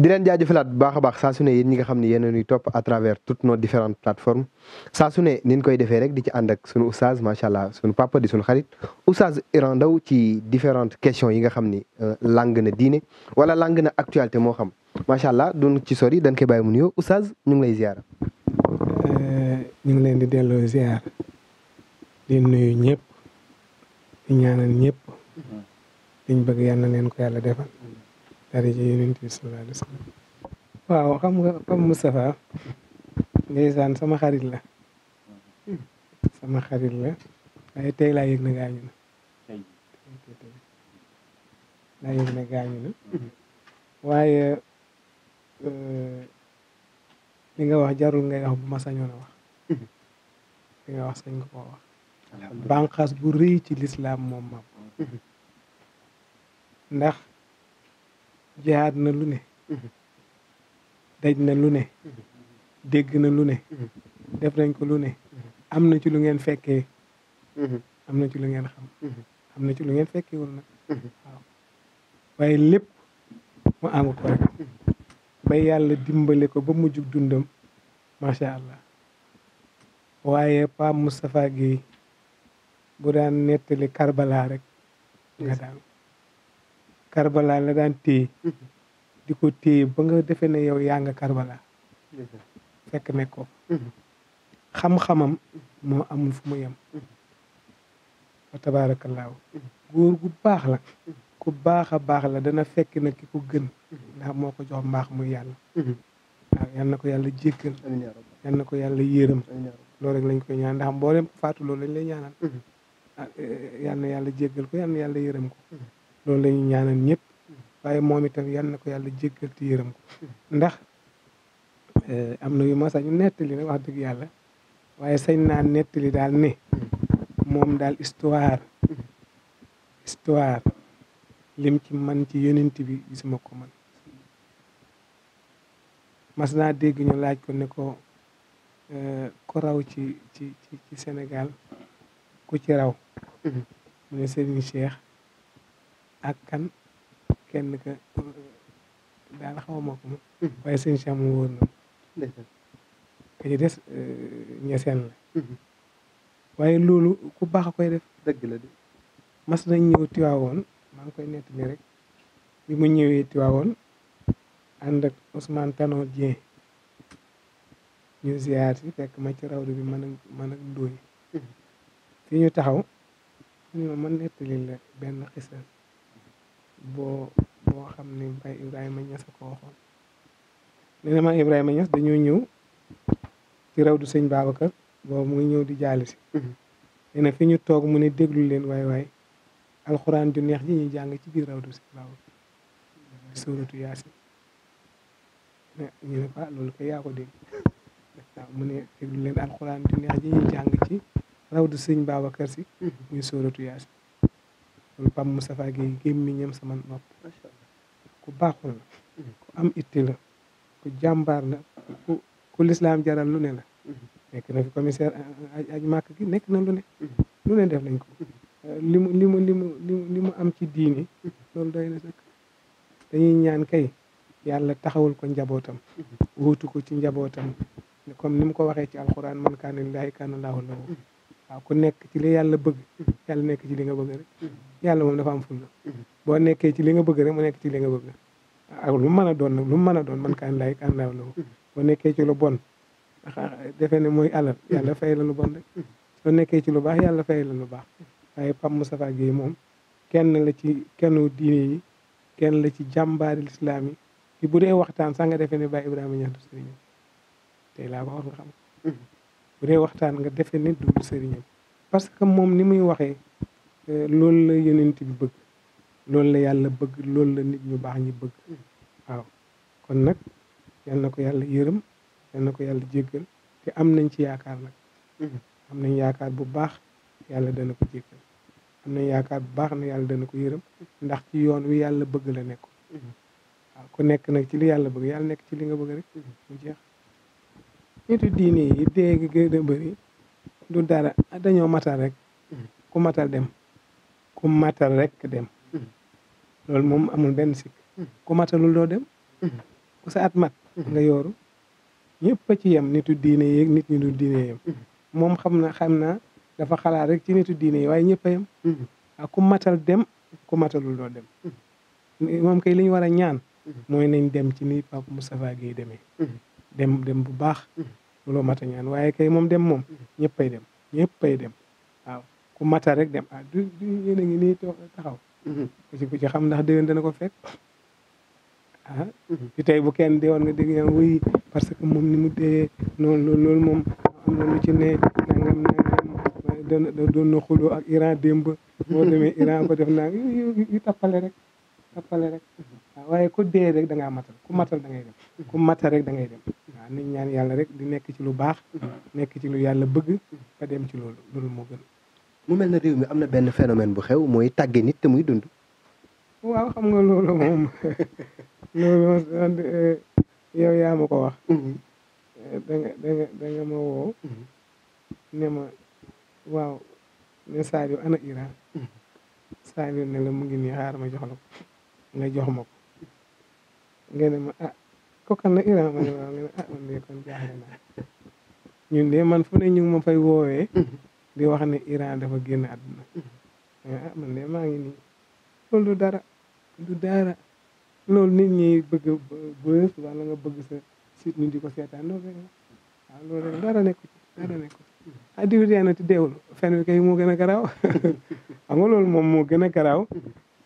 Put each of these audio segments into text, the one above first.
di leen jaajëfalaat bu baax a baax saa su ne yéen ñi nga xam ne yéen a ñuy topp à travers toutes nos différentes plateformes saa su ne ni koy defee rek di ci ànd ak sunu oustaz macha allah sunu papa di sunu xarit oustaz Iran Ndao ci différentes questions yi nga xam ni euh, lang na diine wala lang na actualité moo xam macha allah duñ ci sori dañ koy bàyyi mu nuyoo oustaz ñu ngi lay ziar. Euh, ñu ngi leen di delloo ziar di nuyu ñëpp di ñaanal ñëpp mhm. liñ bëgg yal na leen ko yàlla de daraja yonent bi sallallahu alayhi wa waaw xam nga Pape Moustapha sama xarit la sama xarit la waaye tey laa yëg na gaañu na waaye euh, li nga wax jarul ngay wax bu ma sañoon a wax li nga wax sañ ko koo wax bu rëy ci lislaam moom maam mm-hmm. ndax jihaad na lu ne daj na lu ne dégg na lu ne def nañ ko lu ne am na ci lu ngeen fekkee am na ci lu ngeen xam am na ci lu ngeen fekkee wul nag waaye lépp mu amut ko rek ba yàlla dimbali ko ba mujjug dundam macha allah waaye Pape Moustapha Guèye bu daan nettali Karbala rek nga daan Karbala la daan téye mhm. di ko téye ba nga defee na yow yaa nga Karbala mhm. fekk ne ko mhm. xam-xamam moo amul fu mu yam yem wa tabaarakallaahu góor gu baax la ku baax a baax la dana fekk na ki ko gën ndax moo ko jox mbaax muy yàlla waaw yal na ko yàlla jéggal yal na ko yàlla yërëm loolu rek lañ koy ñaan ndax mboolem faatu lañ lay ñaanal ah, eh, yal na yàlla jégal ko yal yàlla yërëm ko loolu la ñuy ñaanal waaye moom itam yal na ko yàlla jéggal te yërëm ko ndax eh, am na yu ma sañu nettali nag wax dëgg yàlla waaye sañ naa nettali daal ne moom daal histoire histoire lim ci man ci yonent bi gisuma ko man mas naa dégg ñu laaj ko ne ko eh, ko raw ci ci ci Sénégal ku ci raw mu ne Serigne Cheikh ak kan kenn ka daal xawma ko waaye sëñ Cheikh wóor na ka ci des ñeseen euh, la mhm. waaye loolu ku baax a koy def dëgg la mas nañ ñëw tiwaawoon maa ngi koy nettali rek bi mu ñëwee tiwaawoon ànd ak Ousmane Tanor Dieng ñu ziar si fekk ma ci rawdu bi man ak ndóoy mhm. fi ñu taxaw ma man nettali la benn xisal boo boo xam ne Baye Ibrahima Niass a ko waxoon nee na maam Ibrahima Niass dañoo ñëw ci raw du sëñ Babacar boobu mu ngi ñëw di jàll si mhm. nee na fi ñu toog mu ne déglu leen waay waay alxuraan ju neex ji ñuy jàng ci biir raw du sëñ Babacar di suuratu ah, mu ne déglu leen alxuraan ju neex ji ci raw du sëñ Babacar si mhm. muy suuratu yaasin man Pape Moustapha gémmi gémmiñam sama nopp ku baaxul ku am itti la ku jàmbaar la ku ku lislaam jaral lu ne la mhm. nekk na fi commissaire eh, aj màkk gi nekk na lu ne mhm. lu ne def nañ ko mhm. eh, li mu limu limu li li mu am ci diini loolu doy ñaan kay yàlla taxawul ko njabootam wóotu ko ci njabootam comme ni mu ko waxee ci alxuraan man kaana lillaahi kaana llaahu lahu waaw ku nekk ci li yàlla bëgg yàlla nekk ci li nga bëgg rek yàlla moom dafa am la boo nekkee ci li nga bëgg rek mu nekk ci li nga bëgg ak lu mu mën a doon nag lu mu mën a doon man kaan laay kaan laaw la nekkee ci lu bon defe ne mooy alal yàlla fay la lu bon rek soo nekkee ci lu baax yàlla fay la lu baax waaye pam Moustapha gi moom kenn la ci kennu diine yi kenn la ci jàmbaari lislaam yi ci bu dee waxtaan sax nga defee ne baa Ibrahima ñax du sëriñ tey laa ko war nga xam bu dee waxtaan nga defe ne dul sëriñam parce que moom ni muy waxee euh, loolu la yonent bi bëgg loolu la yàlla bëgg loolu la nit ñu baax ñi bëgg waaw kon nag yal na ko yàlla yërëm yal na ko yàlla jéggal te am nañ ci yaakaar nag am nañ yaakaar bu baax yàlla dana ko jéggal am nañ yaakaar bu baax ne yàlla dana ko yërëm ndax ci yoon wi yàlla bëgg la nekk waaw ku nekk nag ci li yàlla bëgg yàlla nekk ci li nga bëgg rek mu jeex nitu diine yi dee gi gën a bëri du dara dañoo matal rek ku matal dem ku matal rek dem loolu moom amul benn sikk ku matalul doo dem ku sa mat nga yooru ñëpp ci yem nitu diine nit ñi du diine yem moom xam na xam naa dafa xalaat rek ci nitu diine yi waaye ñëpp a yem ak ku matal dem ku matalul doo dem moom kay li ñu war a ñaan mooy nañ dem ci ni Pape Moustapha Guèye demee dem dem bu baax mm-hmm. looloo mata ñaan waaye kay moom dem moom mm-hmm. ñëppay dem ñëppay dem waaw ku mata rek dem ah du du yéen a ngi nii taxaw mm-hmm. ci ku ci xam ndax déwén dana ko fekk ah ci tey bu kenn deewoon nga dégg yaan wuy parce que moom ni mu dee noonu loolu loolu moom am ci ne nangam ak Iran démb boo demee Iran ko def naa yu tappale rek tappale rek ah, waaye ku dee rek da matal ku matal da ngay dem ku mata rek da ngay dem nañ ñaan yàlla rek di nekk ci lu baax nekk ci lu yàlla bëgg te dem ci loolu loolu moo gën mu mel na réew mi am na benn phénomène bu xew mooy tàgge nit te muy dund waaw xam nga loolu moom loolu eh, ma ko wax mm-hmm. eh, da nga da nga da nga mm-hmm. ana Iran mm-hmm. Saliou ne mu ngi nii xaar ma jox la ko nga jox ma ko nga ne ma ah ko kan la Iran ma ne man ah, kon jaaxle naa ñun de man fu ne ñu ma fay woowee di wax ne Iran dafa génn àdduna ah man de maa ngi nii loolu du dara du dara loolu nit ñi bëgg bës wala nga bëgg sa site ñu di ko seetaan loolu rek waaw dara nekku ci dara nekku ci ah diw dee na deewul fen bi kay moo gën a garaaw xam nga loolu moom moo gën a garaaw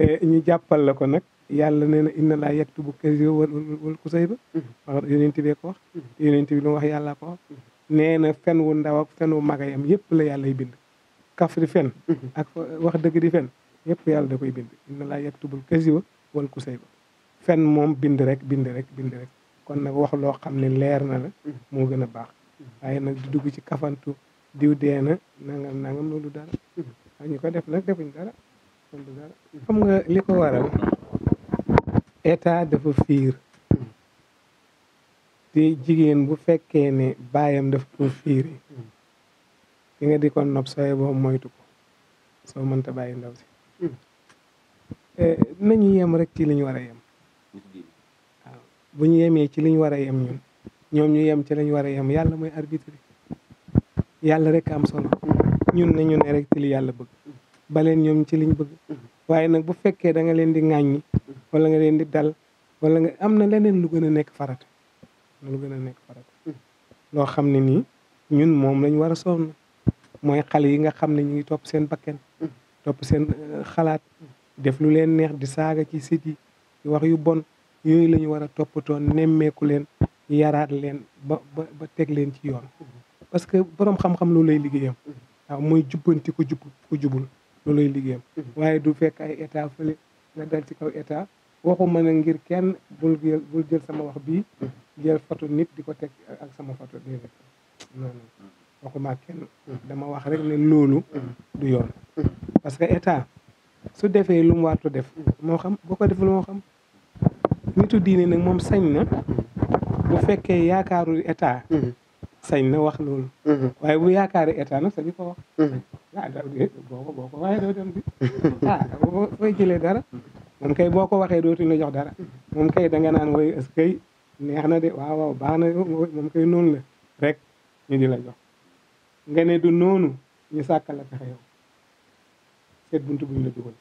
eh, ñu jàppal la ko nag yàlla nee na inna laa yaktubu kaziba wal wal kusayba mm-hmm. wax yonent bee ko wax mm-hmm. yonent bi lu mu wax yàlla ko wax mm-hmm. nee na fen wu ndaw ak fen wu mag yam yëpp la yàlla yàllay bind kaf di fen ak wax dëgg di fen yëpp yàlla da koy bind inna laa yaktubul kaziba wal kusayba fen moom bind rek bind rek bind rek kon nag wax loo xam ne leer na la moo gën a baax waaye nag di dugg ci kafantu diw dee na nangam nangam loolu dara ñu ko def nag nga li ko waral état dafa fiir te jigéen bu fekkee ne baayam dafa ko fiiri di nga di ko nopp sooy boo moytu ko soo mënta bàyyi ndaw si hmm. eh, nañu yem rek ci li ñu war a yem hmm. waaw bu ñu yemee ci li ñu war a yem ñun ñoom ñu yem ci li ñu war a yem yàlla mooy arbitre yàlla rek am solo ñun nañu ne rek ci li yàlla bëgg hmm. baleen ñoom ci liñ bëgg waaye nag bu fekkee da leen di ŋàññi wala nga leen di dal wala nga am na leneen lu gën a nekk farata lu gën a nekk farata loo xam ne nii ñun moom lañ war a sonn mooy xale yi nga xam ne ñu ngi topp seen bakken topp seen euh, xalaat def lu leen neex di saaga ci sit yi wax yu bon yooyu la ñu war a toppatoo nemmeeku leen yaraat leen ba ba ba teg leen ci yoon parce que borom xam-xam loolu lay liggéeyam waaw mooy jubbanti ku jub loolu lay liggéeyam mm-hmm. waaye du fekk ay état fële nga dal ci kaw état waxuma na ngir kenn bul jël jël sama wax bii jël photo nit di ko teg ak sama photo déedéet non waxuma kenn dama wax rek ne loolu du yoon parce que état su defee lu mu wartu def moo xam boo ko deful moo xam nitu diine nag moom sañ na bu fekkee yaakaaru état sañ na wax loolu waaye bu yaakaari état nag sañu ko wax fooy mm-hmm. ah, ah, jëlee dara moom kay boo ko waxee dootuñ la jox dara moom kay da nga naan woy est-ce neex na de waaw waaw baax na moom kay noonu la rek ñu di la jox nga du noonu ñu sàkkal a pexe yow seet bunt buñ la dugal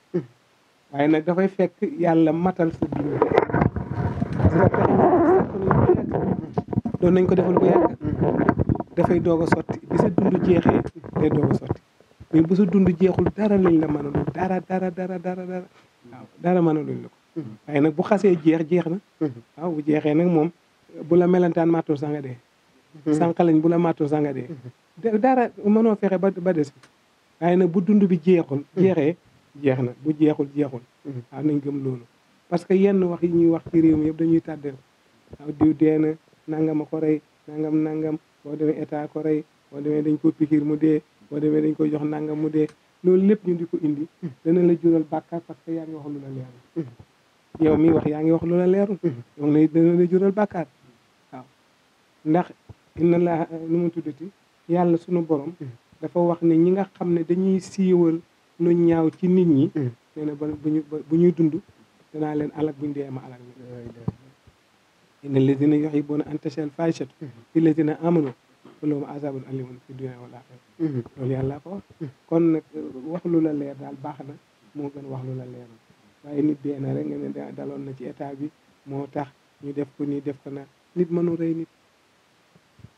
waaye nag dafay fekk yàlla matal sa dund doon nañ ko defal bu dafay doog a sotti bi sa dund jeexee day doog a sotti mais bu sa dund jeexul dara lañ la mënul dara dara dara dara waaw dara mënaluñ la ko mm-hmm. waaye nag bu xasee jeex jeex na mm-hmm. waaw bu jeexee nag moom bu la melantaan mattu sanga dee mm-hmm. sànq lañ bu la mattu sanga dee dara mënoo fexe ba ba des waaye nag bu dund bi jeexul jeexee jeex na bu jeexul jeexul waaw nañ gëm loolu parce que yenn wax yi ñuy wax ci réew mi yëpp dañuy tàddeel waaw na nangam a ko rey nangam nangam boo demee état ko rey boo demee dañ ko pikir mu dee boo demee dañ koy jox nangam mu dee loolu lépp ñu di ko indi mm. dana la jural bàkkaar parce que yaa ngi wax lu la leerul mm. yow mi wax yaa ngi wax lu la leerul mm. donc la dana la jural bàkkaar waaw ndax inna la nu mu tuddati yàlla sunu borom dafa wax ne ñi nga xam ne dañuy siiwal lu ñaaw ci nit ñi nee na ba buñu bu ñuy dund danaa leen alak buñu dee ma alak inna alladina yuhibbuna an tashal fahishatu fi alladina amanu lahum azabun alimun fi dunya mhm. ko mhm. kon nag euh, wax lu la leer daal baax na moo gën wax lu la leerul waaye nit dee rek nga daloon na ci état bi moo tax ñu def ko nii def ko na nit mënu rey nit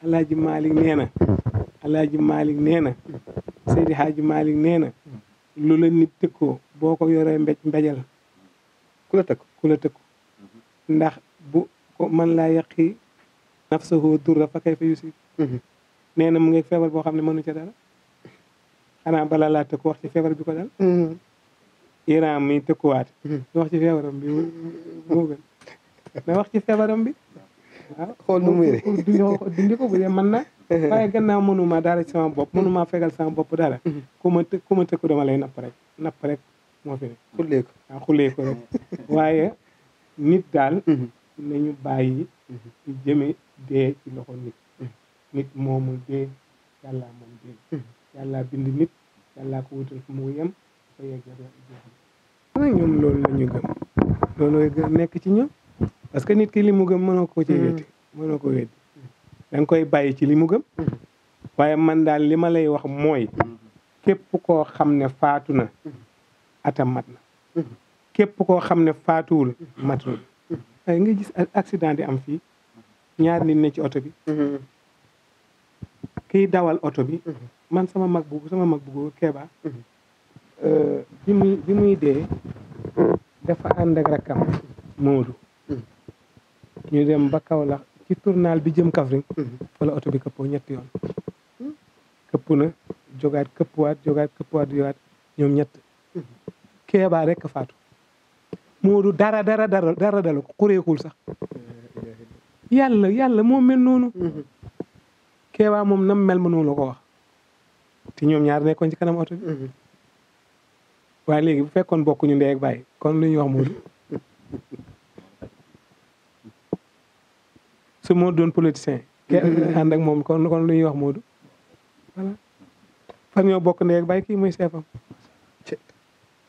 alaaji Malick nee na alaaji Malick nee na Seydi Haaji Malick nee na lu la nit tëkkoo boo ko yoree mbéj mbéjal ku la tëkk ku la tëkk mhm. ndax bu ko man laa yaqi nafsahu durra fa kayfa yusib Mhm. nee na mu ngi feebar boo xam ne mënu ca dara xanaa bala laa tëkku wax ci feebar bi ko dal mhm. Iran mi tëkkuwaat mhm. wax ci feebaram bi moo gën na wax ci feebaram bi xool ko bu dee na waaye gannaaw mënuma dara ci sama bopp mënuma fegal sama bopp dara ku ma ku ma lay napp rek napp rek moo fi ne xullee ko waaw waaye nit daal nañu bàyyi jëme dee ci loxo nit nit moo mu dee yàlla moom dee yàlla bind nit yàlla ko wutal fu mu yem nekk ci ñoom parce que nit ki li mu gëm mënoo ko ci wéddi ko wéddi da koy bàyyi ci li mu gëm man daal li ma wax mooy képp xam ne faatu na atam mat na képp koo xam ne faatuwul matul waaye am fi ñaar nit ne ci oto kiy dawal oto bi mhm. man sama mag bu sama mag bu góor Kéba mhm. euh, bi muy bi dee defa ànd ak rakkam Moodu mhm. ñu dem ba la ci tournal bi jëm Kaffrine fa la oto bi këppoo ñetti yoon hmm. këpp na jogaat këppwaat jogaat këppwaat jogaat ñoom ñett Kéba rek faatu Moodu dara dara dara dara dala sax yàlla yàlla moo mel noonu keewaa moom nam mel mënu la ko wax te ñoom ñaar nekkoon ci kanam oto bi mhm. léegi bu fekkoon bokkuñu ndey ak kon lu ñuy wax Moodu su moo doon mhm. ak moom kon kon lu ñuy wax Moodu voilà far ñoo bokk ndey ak bàyyi kii muy seefam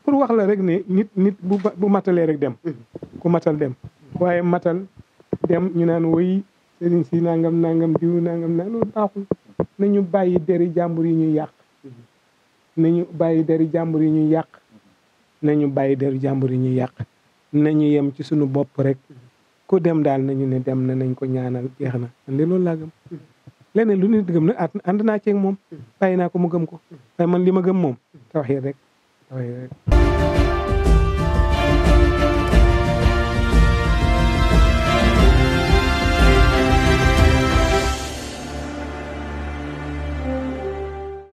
pour wax la rek ne nit nit bu matalee rek dem mhm. ku matal dem waaye matal dem ñu naan woy sëriñ si nangam nangam diw nangam nangam loolu baaxul nañu bàyyi deri jàmbur yi ñuy yàq nañu bàyyi deri jàmbur yi ñuy yàq nañu bàyyi deri jàmbur yi ñuy yàq nañu yem ci suñu bopp rek ku dem daal nañu ne dem na nañ ko ñaanal jeex na man de loolu lu nit gëm na at na naa ceeg moom bàyyi naa ko mu gëm ko man li ma gëm moom tawax yi rek tawax